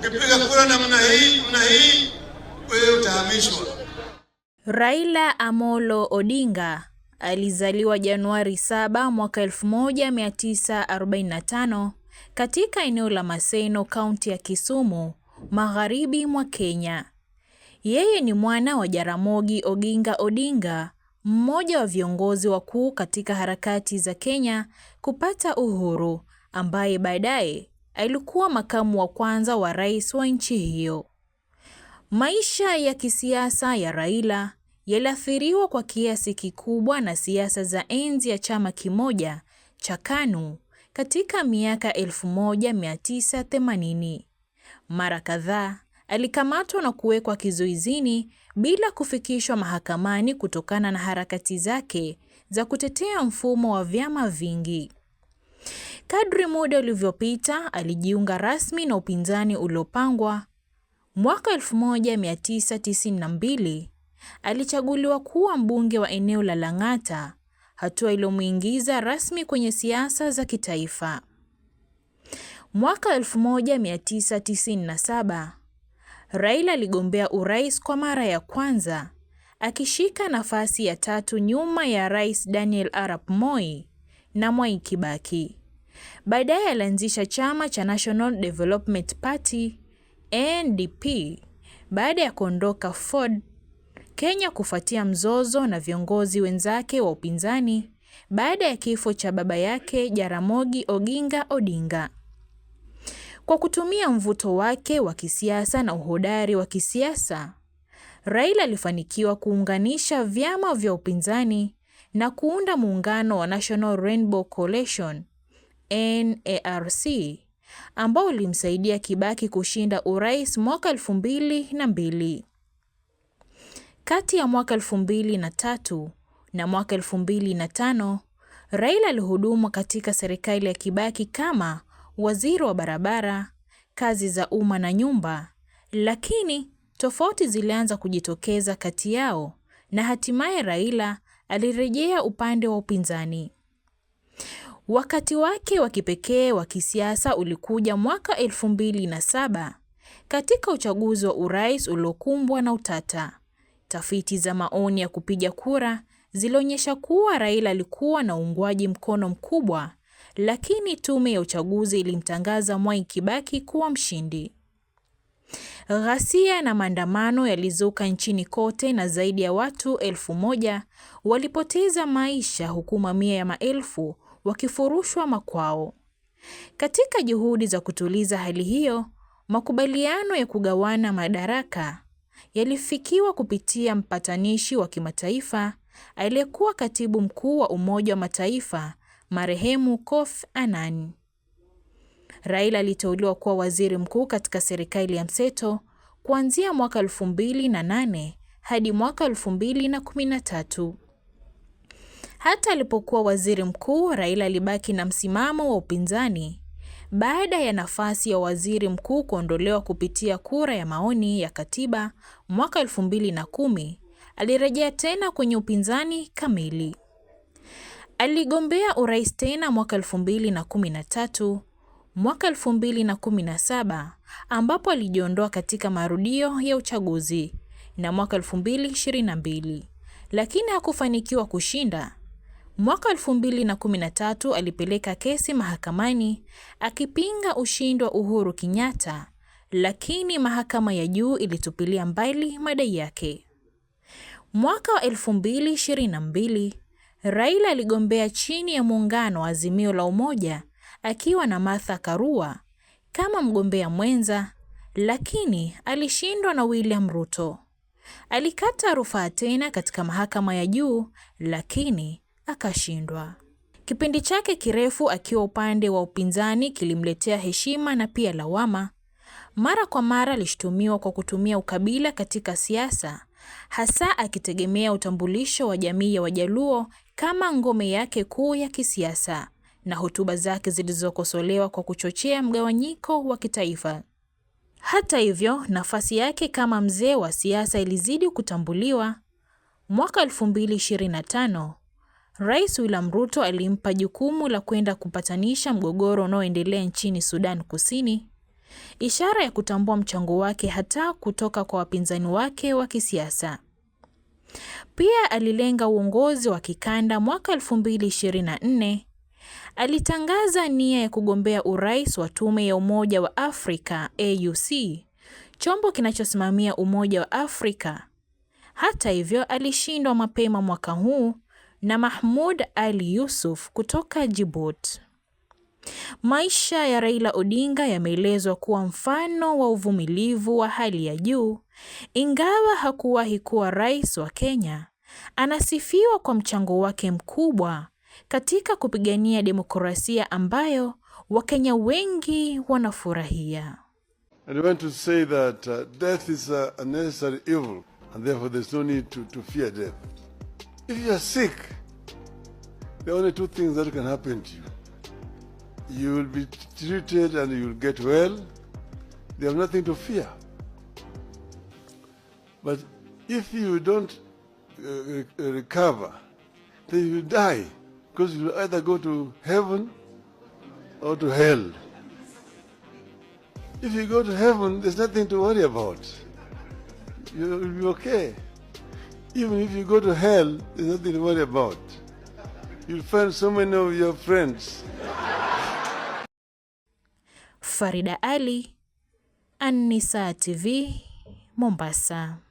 Ukipiga kura namna hii namna hii, wewe utahamishwa. Raila Amolo Odinga alizaliwa Januari 7 mwaka 1945 katika eneo la Maseno, kaunti ya Kisumu, magharibi mwa Kenya. Yeye ni mwana wa Jaramogi Oginga Odinga, mmoja wa viongozi wakuu katika harakati za Kenya kupata uhuru, ambaye baadaye alikuwa makamu wa kwanza wa rais wa nchi hiyo. Maisha ya kisiasa ya Raila yaliathiriwa kwa kiasi kikubwa na siasa za enzi ya chama kimoja cha KANU katika miaka 1980. Mara kadhaa alikamatwa na kuwekwa kizuizini bila kufikishwa mahakamani kutokana na harakati zake za kutetea mfumo wa vyama vingi. Kadri muda ulivyopita, alijiunga rasmi na upinzani uliopangwa. Mwaka 1992 alichaguliwa kuwa mbunge wa eneo la Lang'ata, hatua iliyomuingiza rasmi kwenye siasa za kitaifa. Mwaka 1997 Raila aligombea urais kwa mara ya kwanza akishika nafasi ya tatu nyuma ya Rais Daniel Arap Moi na Mwai Kibaki. Baadaye alianzisha chama cha National Development Party NDP baada ya kuondoka Ford Kenya kufuatia mzozo na viongozi wenzake wa upinzani baada ya kifo cha baba yake Jaramogi Oginga Odinga. Kwa kutumia mvuto wake wa kisiasa na uhodari wa kisiasa, Raila alifanikiwa kuunganisha vyama vya upinzani na kuunda muungano wa National Rainbow Coalition NARC ambao ulimsaidia Kibaki kushinda urais mwaka elfu mbili na mbili. Kati ya mwaka elfu mbili na tatu na mwaka elfu mbili na tano Raila alihudumu katika serikali ya Kibaki kama waziri wa barabara, kazi za umma na nyumba, lakini tofauti zilianza kujitokeza kati yao na hatimaye Raila alirejea upande wa upinzani. Wakati wake wa kipekee wa kisiasa ulikuja mwaka elfu mbili na saba katika uchaguzi wa urais uliokumbwa na utata. Tafiti za maoni ya kupiga kura zilionyesha kuwa Raila alikuwa na uungwaji mkono mkubwa, lakini tume ya uchaguzi ilimtangaza Mwai Kibaki kuwa mshindi. Ghasia na maandamano yalizuka nchini kote na zaidi ya watu elfu moja walipoteza maisha huku mamia ya maelfu wakifurushwa makwao. Katika juhudi za kutuliza hali hiyo, makubaliano ya kugawana madaraka yalifikiwa kupitia mpatanishi wa kimataifa aliyekuwa katibu mkuu wa Umoja wa Mataifa marehemu Kofi Annan. Raila aliteuliwa kuwa waziri mkuu katika serikali ya mseto kuanzia mwaka 2008 hadi mwaka 213 hata alipokuwa waziri mkuu, Raila alibaki na msimamo wa upinzani. Baada ya nafasi ya waziri mkuu kuondolewa kupitia kura ya maoni ya katiba mwaka elfu mbili na kumi, alirejea tena kwenye upinzani kamili. Aligombea urais tena mwaka elfu mbili na kumi na tatu mwaka elfu mbili na kumi na saba ambapo alijiondoa katika marudio ya uchaguzi na mwaka elfu mbili ishirini na mbili lakini hakufanikiwa kushinda. Mwaka 2013 alipeleka kesi mahakamani akipinga ushindi wa Uhuru Kenyatta, lakini mahakama ya juu ilitupilia mbali madai yake. Mwaka wa 2022 Raila aligombea chini ya muungano wa Azimio la Umoja akiwa na Martha Karua kama mgombea mwenza, lakini alishindwa na William Ruto. Alikata rufaa tena katika mahakama ya juu, lakini akashindwa. Kipindi chake kirefu akiwa upande wa upinzani kilimletea heshima na pia lawama. Mara kwa mara alishutumiwa kwa kutumia ukabila katika siasa, hasa akitegemea utambulisho wa jamii ya Wajaluo kama ngome yake kuu ya kisiasa na hotuba zake zilizokosolewa kwa kuchochea mgawanyiko wa kitaifa. Hata hivyo, nafasi yake kama mzee wa siasa ilizidi kutambuliwa. Mwaka Rais William Ruto alimpa jukumu la kwenda kupatanisha mgogoro unaoendelea nchini Sudan Kusini, ishara ya kutambua mchango wake hata kutoka kwa wapinzani wake wa kisiasa. Pia alilenga uongozi wa kikanda. Mwaka 2024 alitangaza nia ya kugombea urais wa tume ya Umoja wa Afrika AUC, chombo kinachosimamia Umoja wa Afrika. Hata hivyo, alishindwa mapema mwaka huu na Mahmoud Ali Yusuf kutoka Djibouti. Maisha ya Raila Odinga yameelezwa kuwa mfano wa uvumilivu wa hali ya juu. Ingawa hakuwahi kuwa rais wa Kenya, anasifiwa kwa mchango wake mkubwa katika kupigania demokrasia ambayo Wakenya wengi wanafurahia. And I want to say that, uh, death is a necessary evil and therefore there's no need to, to fear death. If you are sick, the only two things that can happen to you you will be treated and you will get well. They have nothing to fear. But if you don't uh, recover, then you die because you either go to heaven or to hell. If you go to heaven, there's nothing to worry about. You will be okay. Even if you go to hell, there's nothing to worry about. You'll find so many of your friends. Farida Ali, an TV, Mombasa.